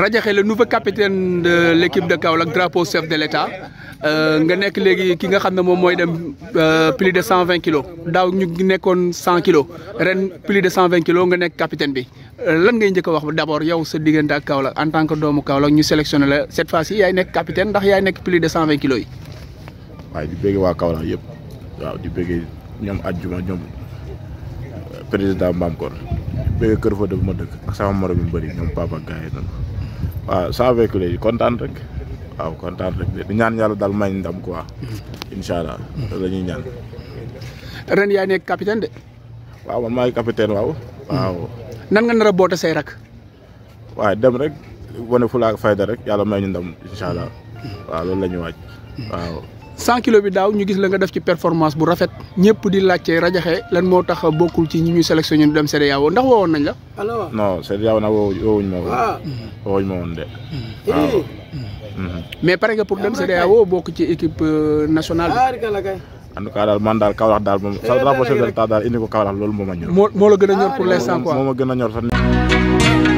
Radiakhé le nouveau capitaine de l'équipe de Kaolack drapeau chef de l'État euh nga nek légui ki nga xamné mom moy dem euh, plus de 120 kg daw ñu nekkoon 100 kg ren plus de 120 kg nga nek capitaine bi euh, lan ngay ñëk wax d'abord yow sa diggante Kaolack en tant que doomu Kaolack ñu sélectionné la cette fois ci yaay nek capitaine ndax yaay nek plus de 120 kg yi. way di bëggé wa Kaolack yépp waaw di bëggé ñom adjuma ñom euh, président Mbamkor bëggé kër fa dëgg ma dëkk ak sama morom yu bari ñom papa gaay na waaw sans véhicule yi kontaan rek waaw kontaan rek di ñaan yàlla daal may ndam quoi. Mm-hmm. incha allah. la ñuy ñaan. ren yaa nekk capitaine de. waaw man maay capitaine waaw. Mm-hmm. nan nga nar boote say rak. waaw dem rek wane fulaak fayda rek yàlla may ñu ndam incha allah. Mm-hmm. waaw loolu la waaj waaw. 100 kilo bi daw ñu gis la nga def ci performance bu rafet ñepp di laccé rajaxé lan mo tax bokul ci ñi ñu sélectionné dem CEDEAO ndax wowoon nañ la. non yaw na wowuñ ma woon. Ah. wowuñ ma woon de. Eh. waaw. Mm-hmm. mais paré nga pour dem CEDEAO bok ci équipe euh, nationale en tout cas dal man daal Kaolack dal mom sa eh, drapeau chef de indi ko Kaolack loolu moo ma ñor. mo la gëna ñor pour l'instant quoi moo ma ñor sa